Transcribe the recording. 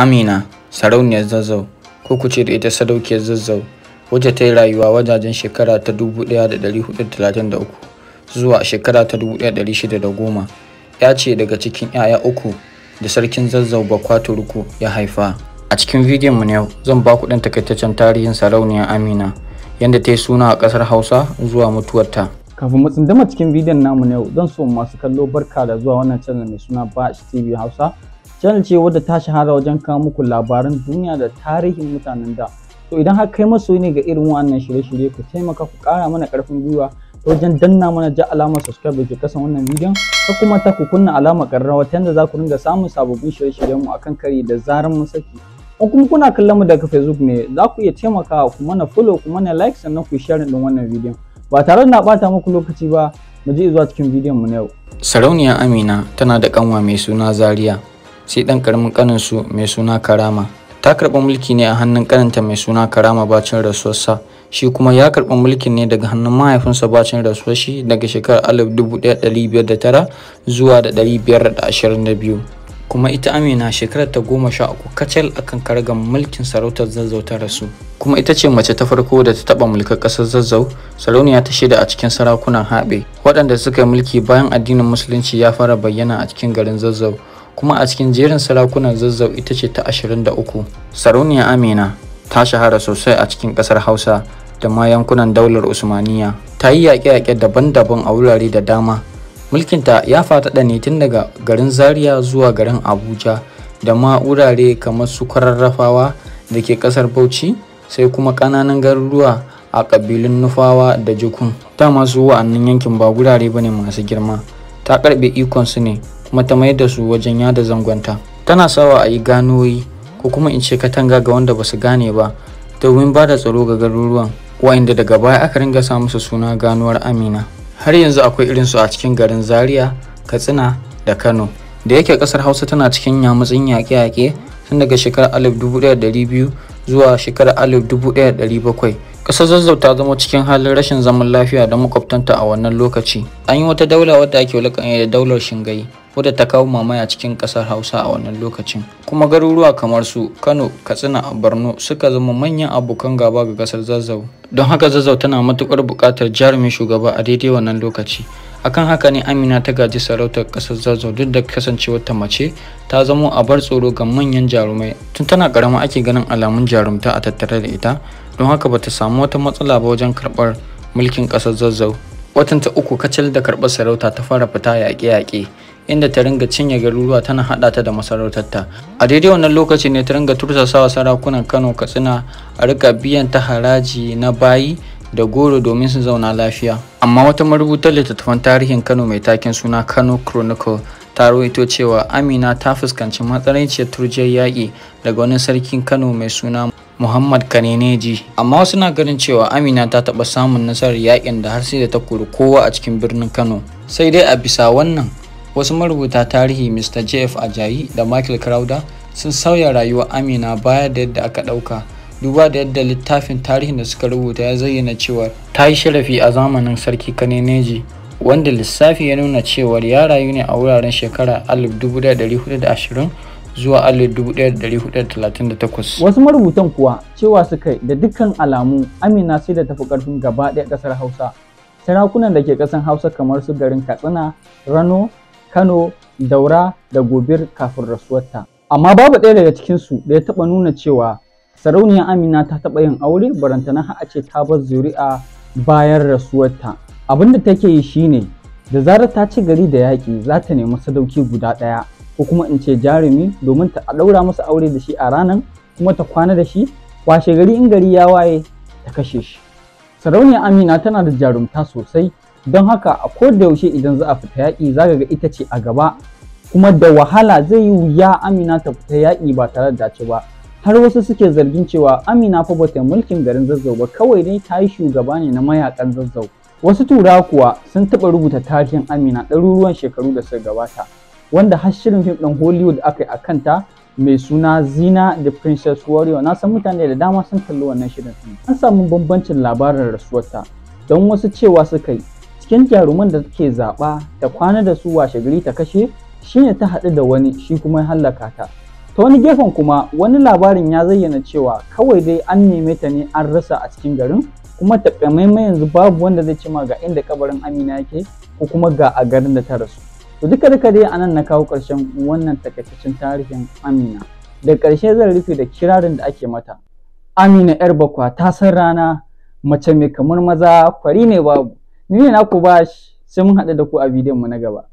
Amina, sarauniyar Zazzau, ko ku ce da ita sadaukiyar Zazzau, wacce ta yi rayuwa wajajen shekara ta 1433 zuwa shekara ta 1610, ya ce daga cikin 'ya'ya uku da sarkin Zazzau ruku ya haifa. A cikin bidiyon mu na yau zan ba ku ɗan takaitaccen tarihin sarauniyar Amina, yadda ta yi suna a ƙasar Hausa zuwa mutuwarta. Kafin mu tsindama cikin bidiyon namu na yau, zan so masu kallo barka da zuwa wannan channel mai suna Bash TV Hausa. channel ce wadda ta shahara wajen kawo muku labaran duniya da tarihin mutanen da to idan har kai masu ne ga irin wannan shirye-shirye ku taimaka ku kara mana karfin gwiwa ta wajen danna mana ja alamar subscribe ke kasan wannan bidiyon ta kuma ta ku kunna alamar ƙararrawa wata yadda za ku ringa samun sababbin shirye shiryen mu akan kari da zaran mun saki ko kuma kuna kallon mu daga facebook ne za ku iya taimakawa ku mana follow ku mana like sannan ku share din wannan bidiyon ba tare da na bata muku lokaci ba mu je zuwa cikin bidiyon mu na yau sarauniya amina tana da kanwa mai suna zaria sai ɗan karamin kaninsu mai suna karama ta karba mulki ne a hannun kananta mai suna karama bacin rasuwarsa shi kuma ya karɓi mulkin ne daga hannun mahaifinsa bacin rasuwar shi daga shekarar 1509 zuwa da biyu. kuma ita amina shekarar ta goma sha uku kacal akan kargan mulkin sarautar zazzau ta rasu kuma ita ce mace ta farko da ta taba mulkar kasar zazzau sarauniya ta shida a cikin sarakunan haɓe waɗanda suka yi mulki bayan addinin musulunci ya fara bayyana a cikin garin zazzau kuma a cikin jerin sarakunan zazzau ita ce ta 23 sarauniya amina ta shahara sosai a cikin ƙasar hausa da ma yankunan daular usmaniya ta yi yaƙe-yaƙe daban-daban a wurare da dama mulkinta ya fataɗa ne tun daga garin zaria zuwa garin abuja da ma wurare kamar su kwararrafawa da ke ƙasar bauchi sai kuma ƙananan garuruwa a ƙabilun nufawa da jukun Ta masu wa'annan yankin ba wurare ba ne masu girma ta karɓe su ne kuma ta da su wajen yada zangonta tana sawa a yi ganoyi ko kuma in ce katanga ga wanda ba su gane ba domin ba da tsaro ga garuruwan wa'inda daga baya aka ringa sa musu suna ganuwar amina har yanzu akwai irin su a cikin garin zaria katsina da kano da yake kasar hausa tana cikin yamutsin yaƙe-yaƙe tun daga shekarar 1200 zuwa shekarar 1700 ƙasar zazzau ta zama cikin halin rashin zaman lafiya da makwabtanta a wannan lokaci an yi wata daula wadda ake wulaƙanya da daular shingai wadda ta kawo mamaya cikin kasar hausa a wannan lokacin kuma garuruwa kamar su kano katsina borno suka zama manyan abokan gaba ga kasar zazzau don haka zazzau tana matukar bukatar jarumin shugaba a daidai wannan lokaci akan haka ne amina ta gaji sarautar kasar zazzau duk da kasancewar ta mace ta zamo a bar tsoro ga manyan jarumai tun tana karama ake ganin alamun jarumta a tattare da ita don haka bata samu wata matsala ba wajen karɓar mulkin kasar zazzau ta uku kacal da karɓar sarauta ta fara fita yaƙe-yaƙe inda ta ringa cinye garuruwa tana haɗa ta da masarautarta a daidai wannan lokaci ne ta ringa tursasawa sarakunan kano katsina a rika biyan ta haraji na bayi da goro domin su zauna lafiya amma wata marubutar littattafan tarihin kano mai takin suna kano chronicle ta rawaito cewa amina ta fuskanci matsalanciyar turjiyar yaƙi daga wani sarkin kano mai suna muhammad kaneneji amma wasu na ganin cewa amina ta taɓa samun nasarar yaƙin da har sai da ta kori kowa a cikin birnin kano sai dai a bisa wannan wasu marubuta tarihi mr jeff ajayi da michael crowder sun sauya rayuwar amina baya da yadda aka ɗauka duba da yadda littafin tarihin da suka rubuta ya zayyana cewa ta yi sharafi a zamanin sarki kaneneji wanda lissafi ya nuna cewar ya rayu ne a wuraren shekara 1420 zuwa 1438 wasu marubutan kuwa cewa suka da dukkan alamu amina sai da tafi ƙarfin gaba ɗaya ƙasar hausa sarakunan da ke ƙasar hausa kamar su garin katsina rano Kano, Daura da Gobir kafin rasuwarta. Amma babu ɗaya daga cikinsu da ya taɓa nuna cewa sarauniyar Amina ta taɓa yin aure barantana har a ce ta bar zuri'a bayan rasuwarta. Abin da take yi shine da zarar ta ci gari da yaƙi za ta nemi sadauki guda ɗaya ko kuma in ce jarumi domin ta ɗaura masa aure da shi a ranan kuma ta kwana da shi washe gari in gari ya waye ta kashe shi. sarauniyar Amina tana da jarumta sosai don haka a koda yaushe idan za a fita yaƙi za ga ita ce a gaba kuma da wahala zai yi wuya amina ta fita yaƙi ba tare da dace ba har wasu suke zargin cewa amina fa bata mulkin garin zazzau ba kawai ne ta yi shugaba ne na mayakan zazzau wasu tura kuwa sun taɓa rubuta tarihin amina ɗaruruwan shekaru da suka gabata wanda har shirin fim ɗin hollywood aka yi a kanta mai suna zina the princess warrior na san mutane da dama sun kalli wannan shirin an samu bambancin labarin rasuwarta don wasu cewa suka yi cikin jaruman da take zaɓa ta kwana da su washe gari ta kashe shine ta haɗu da wani shi kuma ya hallaka ta ta wani gefen kuma wani labarin ya zayyana cewa kawai dai an neme ta ne an rasa a cikin garin kuma maimai yanzu babu wanda zai cima ga inda kabarin amina yake ko kuma ga a garin da ta rasu to duka duka dai anan na kawo ƙarshen wannan takaitaccen tarihin amina da ƙarshe zan rufe da kirarin da ake mata amina yar bakwa ta san rana mace mai kamar maza kwari ne babu ni ne ku bash sai mun haɗu da ku a bidiyon mu na gaba